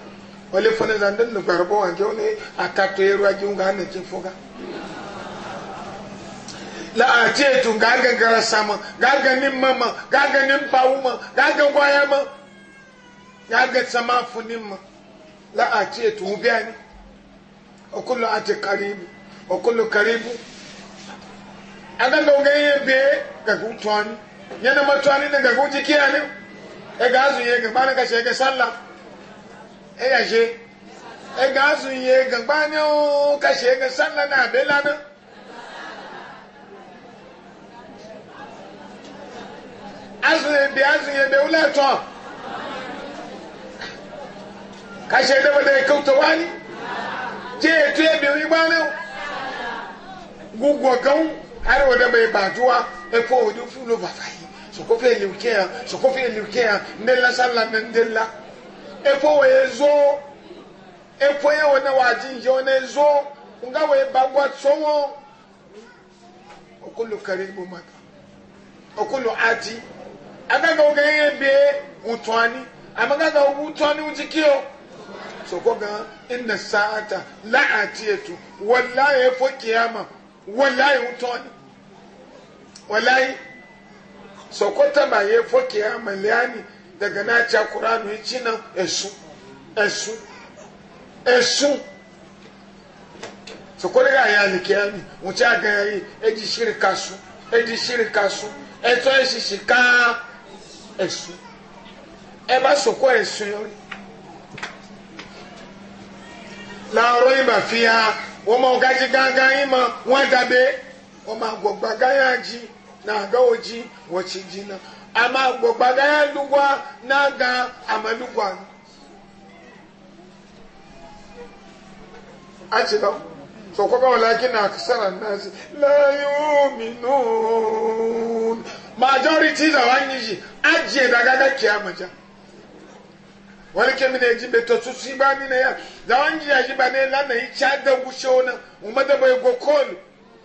wale fane zan dinda garbo wa ke wani akato ya ruwa ki unga hannun kin fuga la a ce tu gaga gara sama gaga nin mama gaga nin pawu ma gaga gwaya ma gaga sama funin ma la a ce tu ubiya ne o kullu a ce karibu o kullu karibu a ganga ugayen be gagu tuwani yana matuwani na gagu jikiya ne ega azu ye ga gbani ka shege sallah e ya she ega azu ye ga gbani ka shege sallah na be lana azu ye be azu ye be ula to ka shege ba da kauta wani je to ye be wi gbani gugu kan ari wo dɛmɛ baadua ɛkɔ wo de fulo baba yi sokofi eliwuke ya sokofi eliwuke ya ndela sala ne ndela efo wo ye zo efo ye wo ne wo adi nje wo na zo nga wo ye bagua tsɔŋɔ okolo kari bo ma ta okolo adi agaga wo ye be wutɔani amagaga wo wutɔani wuti soko gan ina saata la ati etu wala ye fo kiyama wala ye wallahi sokota ba ye foke ya maliani, daga na ci kuranu ya ci esu esu esu sokota ga ya ni kiyami wuce ga yayi eji shirka su eji shirka su eto eshi shika esu e ba soko esu yori la ro iba fi ha wọ́n mọ̀ gájí gángan yín wọ́n dàbẹ́ wọ́n máa gbọ̀gbà gáyàjì na ga waji wace jina amma gbogbo ga ya lugwa na ga amalugwa a ci ba so kwa kawo laki na kasara nasi la yuminun majority za wani ji ajiye daga ga kiyamaja wani kemi na eji beto tutu ba ni na ya za wani ji aji ba ne lana yi cha da gushe eh, wani umadaba ya gokolu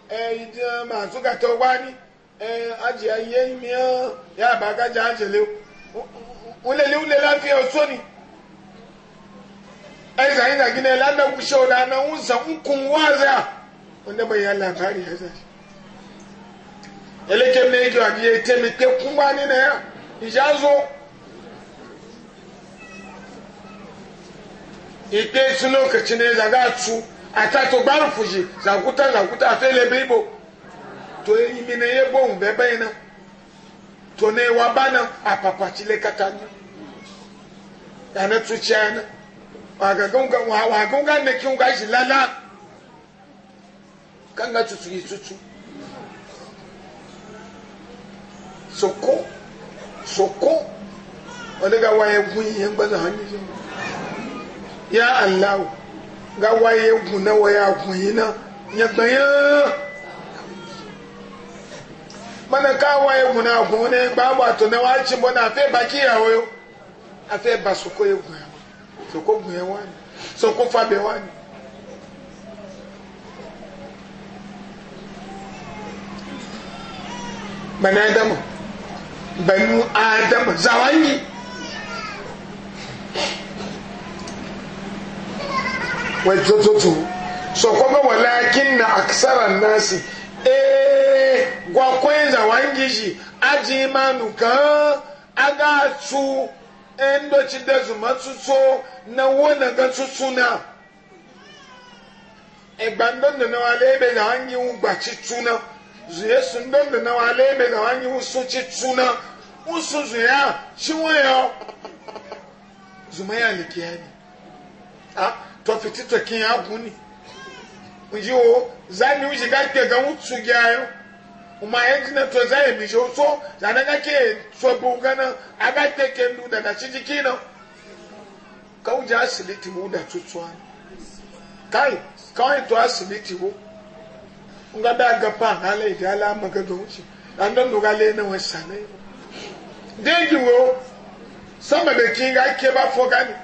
eh idan masu gata wani Eh, aji ayé mi hàn yà bá gájà àjẹlé wúlélí wúlélá fi ọsọ ni ẹ zàn yín wúṣẹ ọ̀la àná ń zàn ń ya. wáza yà mi ìjọ àdìyẹ tẹmí pé kún wá nínú ẹ ìjà zọ. ìpè sínú kìtìnnì zàgà tu àtàtò gbárùkù yìí zàkútà zàkútà bíbò. to imi na ye bohun bɛbɛ yin na to ne wa ba na apapa tile kata na yana tu tiɛ na wagagun ga wagagun ga ne kin ga shi lala kan ga tutu yi tutu soko soko wani ga waye gun yi yan gbana hannu ya allahu ga waye gun na waya gun yi na ya mana ka awa egwu na agwụ na egbe agbatụ na wachi mbụ na afe baki ya wo afe ba soko egwu ya soko gwu ya wani soko fabe ni bani adamu banu adamu zawangi wajototu soko ba walakin na aksara nasi ee eh, gwakwenza wangiji aji imanu kan aga tsu ndochi da zuma tsutso na wona ga tutu na egbandon da na wale ebe na wangi wu gbaci tsuna zuye sun na wale ebe na wangi wu sun ci tsuna usu zuya shi wayo zuma ya likiya ya, a to fiti to kin ya ni. nji wo zani wuji ka kpega wutsu gyayo uma yanzu na to zai mi jo so zana ka ke so bu gana aga te ke ndu da na chiji kino ka uja asibiti bu da tutswa kai kai to asibiti bu nga da ga pa hale da ala maga ga wuci dan don do gale na wasa ne deji wo sama be kinga ke ba fo gani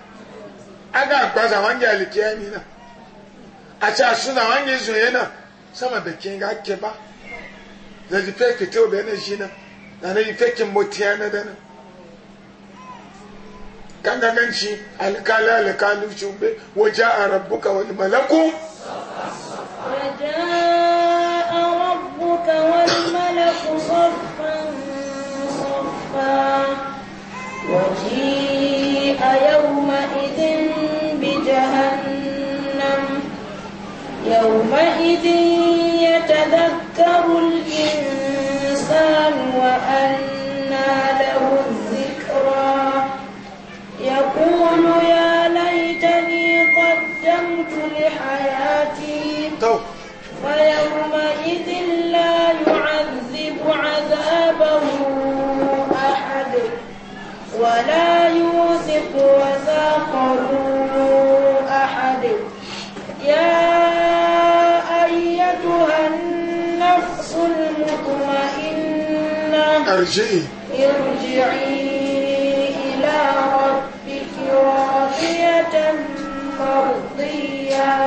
aga gbaza wanja alikiyami na a ce a suna wani zuwa yana sama da kin ga ake ba da ji fake fito da yana shi na na na ji fake motiya na dana kan alkali alkali shi wajen a ka wani malaku wajen يومئذ يتذكر الإنسان وأنى له الذكرى يقول يا ليتني قدمت لحياتي فيومئذ لا يعذب عذابه أحد ولا يوثق وثاقه ارجعي ارجعي إلى ربك راضية مرضية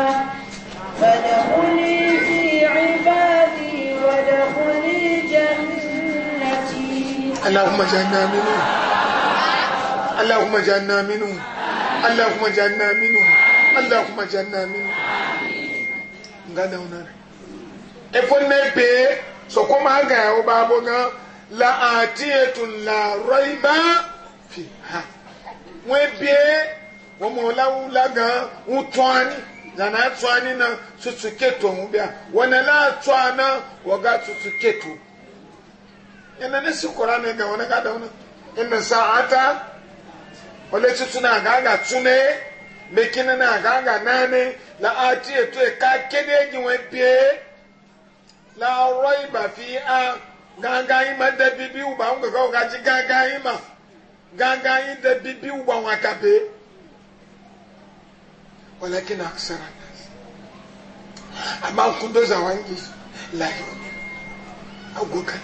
فادخلي في عبادي وادخلي جنتي اللهم اجعلنا منهم اللهم اجعلنا منهم اللهم اجعلنا منهم اللهم اجعلنا منهم قال هنا افن نبي سوكم هاغا وبابو la'atiyatun la raiba fiha wọn bie wọn mọ ọlawu lagan ń tọ́ni nana tọ́ni na tutu keto ń bia wọn nana tọ́na wọga tutu keto ẹnna ne si kora ne gan wọn ka dán na ẹnna sa ata ọlẹ tutu na aga tune mekina na agaga nani la'atiyatun ka kéde jí wọn bie la raiba fiha. gangan ma de bibi uba n gaga o gaji gangan ma gangan de bibi uba wa kabe walakin aksara nas amma kun doza wangi lahi agokan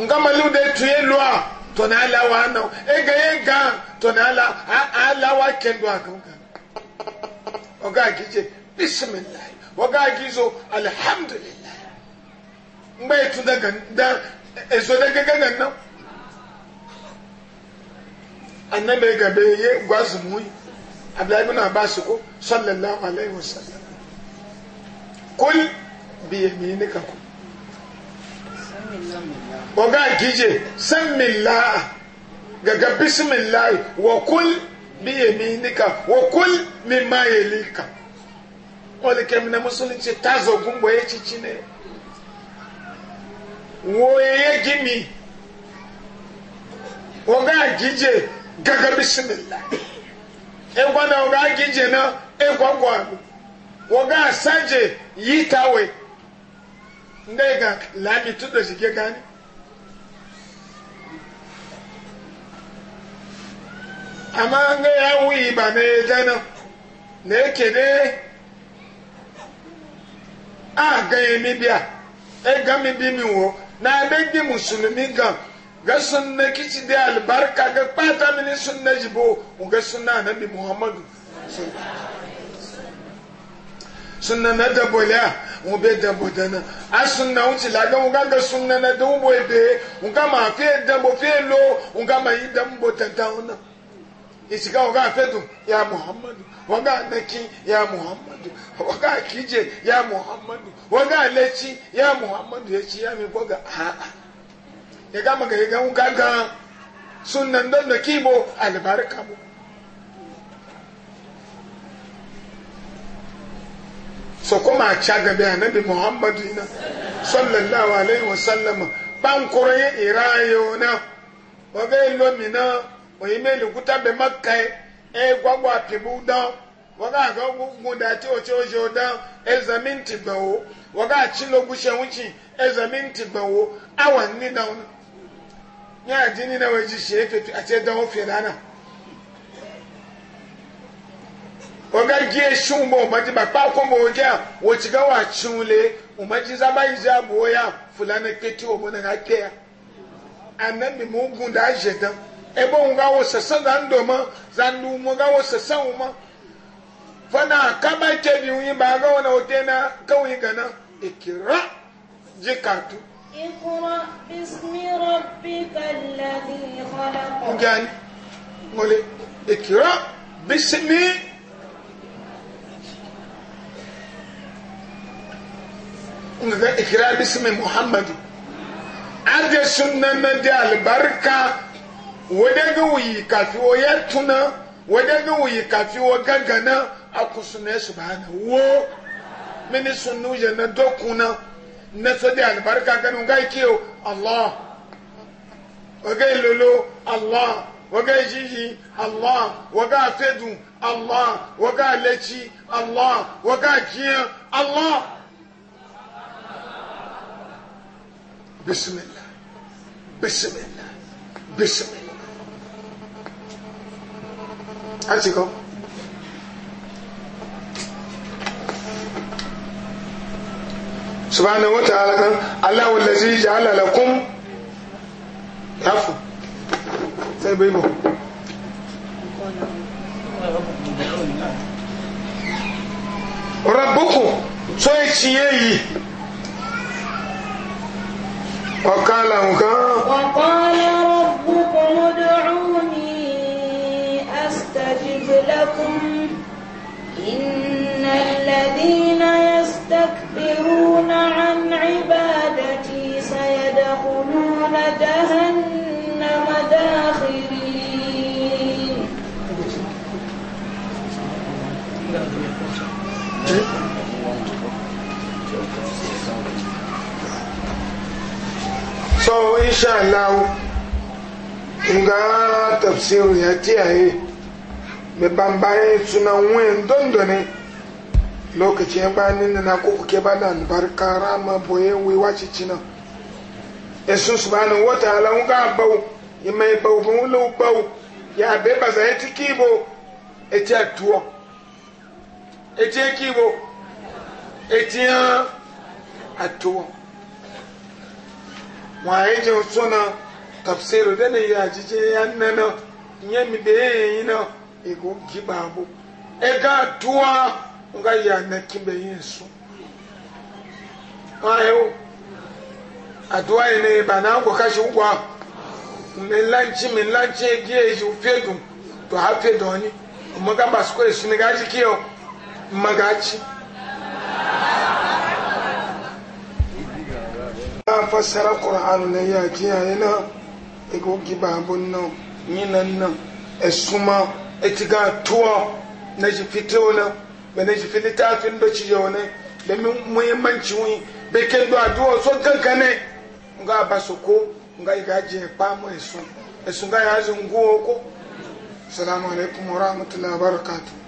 nga malu de tuye loa to na ala wa na e ga e ga to na ala ala wa kendo akan kan oga gije bismillah oga gizo alhamdulillah mgbe etu da ezo da gagagan nan annabi gabe ye gwazu muyi abdullahi ibn abbas ko sallallahu alaihi wasallam kul bi ka ku oga gije san millah gaga bismillah wa kul bi ka wa kul mimma yalika wale kemna musulunci tazo gumbo ya cici ne wo yeye gimi ga gije gaga bismillah egwa na ga gije na egwa gwanu oga sanje yitawe ndị ga lami tudo jike gani ama nga ya wu iba na edana na ekene a ah, ga bi a ega mi bi mi wo na abegi musulmi gan ga sunna kici da albarka ga kpata mini sunna jibo ga sunna nabi muhammadu sunna na dabolya mu be dabo dana a sunna wuce laga mu ga sunna na dubo ebe mu ga ma fe dabo fe lo mu ga ma yi dambo tantauna isiga mu ga fe ya muhammadu mu ga naki ya muhammadu waga kije ya muhammadu waga leci ya muhammadu ya ci ya mi boga a'a ah, ah. ya gama ga ya gaga sunan don da kibo albarka mu so kuma a nabi muhammadu ina sallallahu alaihi wasallama ya ye irayo na waga ilomi na oyimeli kuta be makka e gwagwa pibu don waga ga guda ce wace wace wadan ezamin tibawo waga ci logushe wuce ezamin tibawo awanni da wani ya jini na waje shi ya fetu a ce dawo fenana waga giye shi umba umarji ba kpakon ba waje a wace ga wace wule umarji zaba yi ja ya fulani keti obo na ga ya annabi mugun da ajedan ebe un ga wasa san zan doma zan dumo ga wasa san umar fana kama ce bi wuyi ba ga wani hote na kawai gana ikira ji katu ikira bismi rabbika alladhi khalaq kun gani mole ikira bismi kun ga ikira bismi muhammadu arje sunnan na da albarka wadda wuyi kafi wa ya tuna wuyi kafi wa gagana akusune subhana wo mini sunu yɛ na do kuna na so de alibarika gani nga ike o allah waga ilolo allah waga yiyi allah waga afedu allah waga aleci allah waga jiyan allah bismillah bismillah bismillah. subhanahu wa ta'ala kan Allahu allazi ja'ala lakum yafu sai bai mu rabbukum so ya ciye yi ọ̀kan làwọn insha Allah nga tafsiru ya tiyaye mai bambaye suna wuyan dondone lokaci ya ba na na kuku ke ba da albarka rama boye wiwa cicina esu subhanahu wa ta'ala nga bau ya mai bau ba lo bau ya be ba za eti kibo eti atuo eti kibo eti atuo waye je tsona tafsiru dị na ihe jije ya nana nye mi de yin na ego giba bu e ga a nga ya na kibe yin su ayo aduwa ne na ko na ugwa mi lanchi mi lanchi ha fedu esu ya fassara ƙur'anu na ya kiyaye na iko gibabun nan yinan nan esuma etiga tuwa na ji fito na ba na ji fili tafin da ci yau ne da muhimmanci wi bai ke da duwa so kanka ne nga ba su ko nga yi gaji ya famu esu esu nga ya zunguwa ko salamu alaikum wa rahmatullahi wa barakatuh